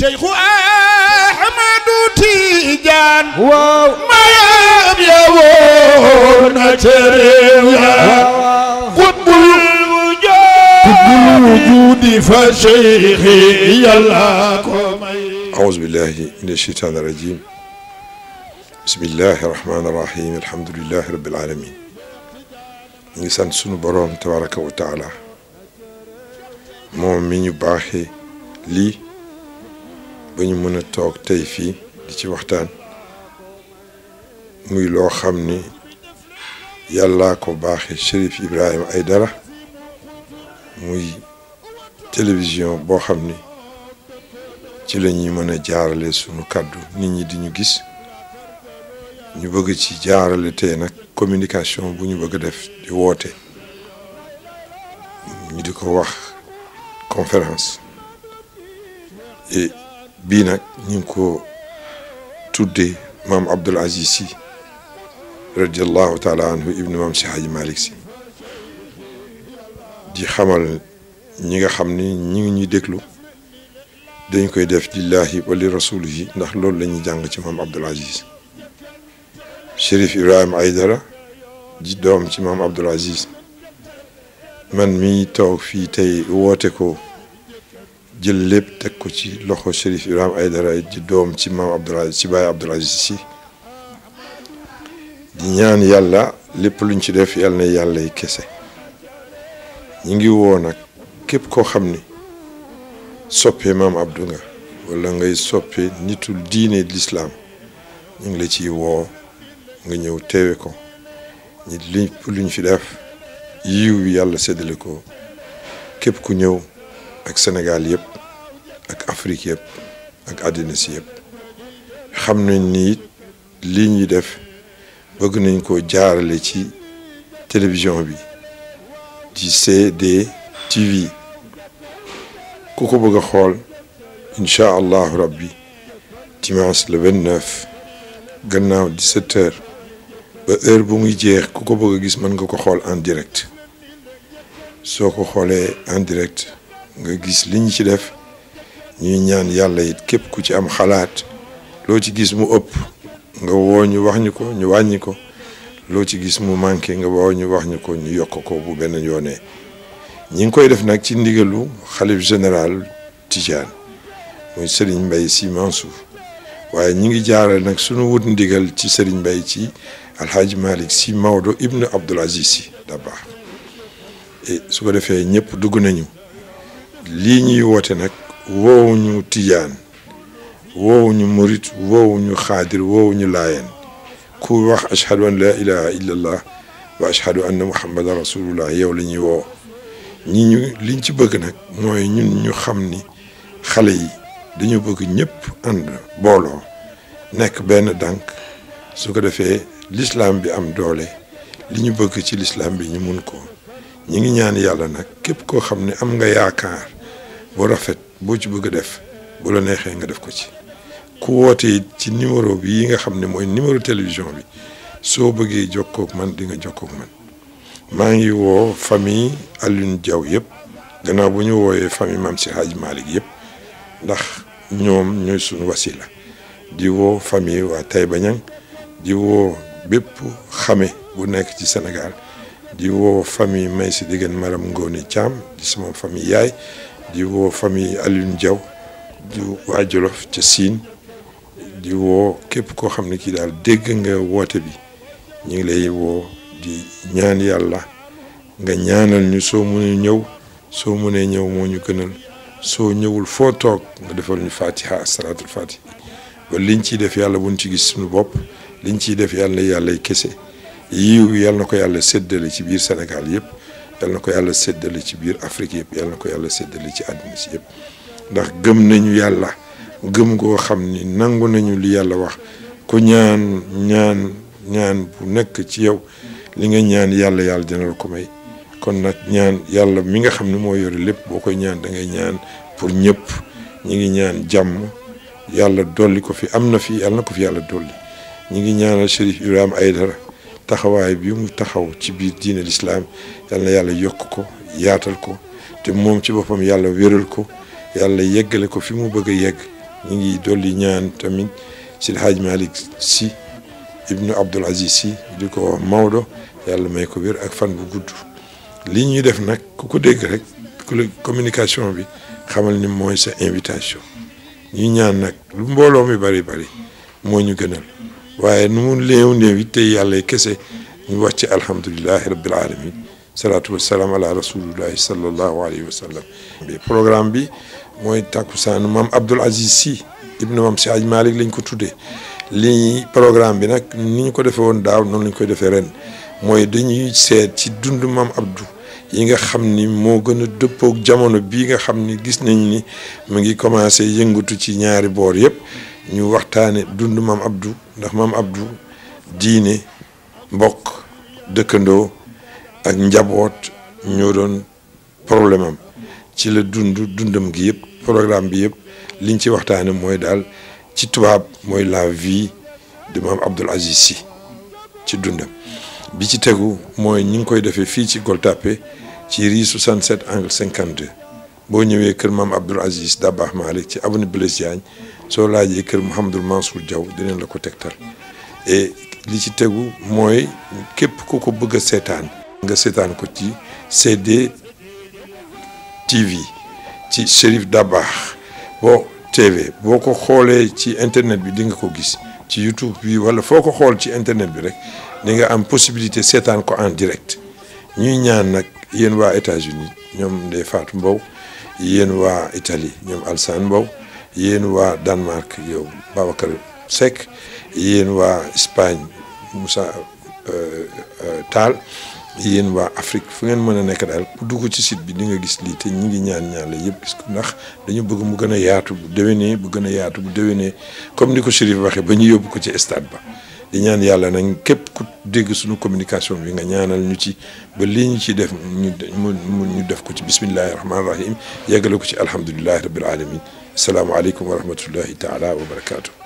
Cheikh Ahmadou Tidiane waaw mayam ya woon na ca réew ya qutbul wujudi fa Cheikh yàlla ko may aouzu billahi min asheytaan irajim bismillahi rahmani irahim alhamdulilahi rabbil alamin ñu ngi sant sunu boroom tabaraka wa taala moom mi ñu baaxe lii ba ñu mën a toog tey fii di ci waxtaan muy loo xam ni yàllaa ko baaxe Chérif Ibrahima Aïdara muy télévision boo xam ni ci la ñuy mën a jaarale sunu kàddu nit ñi di ñu gis ñu bëgg ci jaarale tey nag communication bu ñu bëgg a def di woote ñu di ko wax conférence bii nag ñu ngi ko tuddee maam Abdoul Aziz Sy radiallahu taala anhu ibnu maam si Haji Malick Sy di xamal ñi nga xam ni ñi ngi ñuy déglu dañ koy def lillahi wa li rasulihi ndax loolu la ñuy jàng ci maam Abdoul Aziz Chérif Ibrahima Aydara di doom ci maam Abdoul Aziz man mi toog fii tey woote ko jël lépp teg ko ci loxo Chérif Ibrahima Aïdara di doom ci maam Abdoul Aziz ci baay si ñaan yàlla lépp luñ ci def yàlla na yàlla yi kese ñu ngi woo nag képp koo xam ni soppe maam Abdou nga wala ngay soppe nitul diin lislaam ñu ngi la ci woo nga ñëw teewe ko ñi luñ luñ fi def yiw yàlla séddale ko képp ku ñëw ak Sénégal yëpp ak Afrique yëpp ak àddina si xam nañ ni lii ñuy def bëgg nañ ko jaarale ci télévision bi ci CDTV ku ko bëgg a xool incha allahu rabbi dimanche le 29 gannaaw 17 heures ba heure bu muy jeex ku ko bëgg gis mën nga ko xool en direct soo ko xoolee en direct nga gis li ci def ñuy ñaan yàlla yit képp ku ci am xalaat loo ci gis mu ëpp nga woo ñu wax ñu ko ñu wàññi ko loo ci gis mu manqué nga woo ñu wax ñu ko ñu yokk ko bu benn yoonee ñi ngi koy def nag ci ndigalu xalif général Tidiane muy sëriñ mbay Sy Mansour waaye ñi ngi jaaral nag sunu wut ndigal ci Serigne mbay ci Alhaji Malick Sy Maodo ibnu Abdoul Aziz si Dabakh su ko defee ñëpp dugg nañu lii ñuy woote nag woowuñu tijaan woowuñu murit woowuñu xaadir woowuñu laayeen ku wax ashhadu an laa ilaha illa allah wa ashhadu anna muhammadan rasulullah yow la ñuy woo ñi ñu liñ ci bëgg nag mooy ñun ñu xam ni xale yi dañu bëgg ñëpp ànd booloo nekk benn dànk su ko defee lislaam bi am doole li ñu bëgg ci lislaam bi ñu mun ko ñu ngi ñaan yàlla nag képp koo xam ne am nga yaakaar bu rafet boo ci bëgg a def bu la neexee nga def ko ci ku wootee ci numéro bi yi nga xam ni mooy numéro télévision bi soo bëggee jokkook man di nga jokkook man maa ngi woo famille Alioune Diaw yëpp gannaaw bu ñu wooyee famille Mame Si Hadj Malick yëpp ndax ñoom ñooy suñu wasila di woo famille waa Taïba Niang di woo bépp xame bu nekk ci senegal di woo famille may si diggéen maram Ngoone Thiam di sama famille yaay di woo famille Alioune jaw di waa Jolof ca Siin di woo képp koo xam ne kii daal dégg nga woote bi ñu ngi lay woo di ñaan yàlla nga ñaanal ñu soo mënee ñëw soo mënee ñëw moo ñu gënal soo ñëwul foo toog nga defal ñu fatiha asalaatul fatiha ba liñ ci def yàlla buñ ci gis suñu bopp liñ ciy def yàlla yàllay kese yiw yal na ko yàlla séddale ci biir senegal yëpp yal na ko yàlla séddale ci biir Afrique yëpp yal na ko yàlla séddale ci àddina si yëpp ndax gëm nañu yàlla gëm goo xam ni nangu nañu li yàlla wax ko ñaan ñaan ñaan bu nekk ci yow li nga ñaan yàlla yàlla dina la ko may kon nag ñaan yàlla mi nga xam ne moo yore lépp boo koy ñaan dangay ngay ñaan pour ñëpp ñi ngi ñaan jàmm yàlla dolli ko fi am na fii yàlla na ko fi yàlla dolli ñi ngi ñaanal Chérif Ibrahima Aïdara taxawaay bi mu taxaw ci biir diine lislaam yal yàlla yokk ko yaatal ko te moom ci boppam yàlla wéral ko yàlla yeggale ko fi mu bëgg yegg ñu ngi dolli ñaan tamit si Hadj Malick si ibnu Abdul Aziz si di ko wax Maodo yàlla may ko wér ak fan bu gudd li ñuy def nag ku ko dégg rek communication bi xamal ni mooy sa invitation ñu ñaan nag lu mbooloo mi bari bari moo ñu gënal waaye nu mu néew néew it tey yàlla kese ñu wax ci alhamdulilahi rabbil alamin salaatu wasalaam ala rasulillahi sallallahu alayhi wa sallam bi programme bi mooy tàkkusaanu maam Abdoul Aziz Sy ibnu maam si aj Malick lañ ko tuddee lii programme bi nag ni ñu ko defee woon daaw noonu lañ koy defee ren mooy dañuy seet ci dund maam Abdou yi nga xam ni moo gën a dëppoog jamono bii nga xam ni gis nañ ni mu ngi commencé yëngatu ci ñaari boor yëpp ñu waxtaane dund maam Abdou ndax maam Abdou diine mbokk dëkkandoo ak njaboot ñoo doon problème am ci la dund dundam gi yëpp programme bi yëpp liñ ci waxtaane mooy daal ci tubaab mooy la vie de maam Abdoul Aziz Sy ci dundam bi ci tegu mooy ñu ngi koy defee fii ci Gueule Tapée ci rue 67 angle 52 boo ñëwee kër maam Abdoul Aziz Dabakh Malick ci abunu Blaise Diagne soo laajee kër Mouhamadul Mansour Diaw dinañ la ko tegtal et li ci tegu mooy képp ku ko bëgg a seetaan nga seetaan ko ci CD TV ci Chérif Dabakh boo TV boo ko xoolee ci internet bi di nga ko gis ci YouTube bi wala foo ko xool ci internet bi rek di nga am possibilité seetaan ko en direct ñuy ñaan nag yéen waa États-Unis ñoom Ndeye Fatou Mbow yéen waa Italie ñoom Alsaan Mbow yéen waa Danemark yow Babacar sek yéen waa Espagne Moussa euh, euh, taal yéen waa Afrique fu ngeen mën a nekk daal ku dugg ci site bi di nga gis lii te ñu ngi ñaan ñaan la yëpp gis ko ndax dañu bëgg mu gën a yaatu bu déwénee bu gën a yaatu bu déwénee comme ni ko Chérif waxee ba ñu yóbbu ko ci stade ba di ñaan yàlla nañ képp ku dégg suñu communication bi nga ñaanal ñu ci ba lii ñu ciy def ñu ñu def ko ci bismillahi rahmaani rahim yeggale ko ci alhamdulillahi rabbil alamin asalaamaaleykum wa rahmatullahi taala wa barakaatu.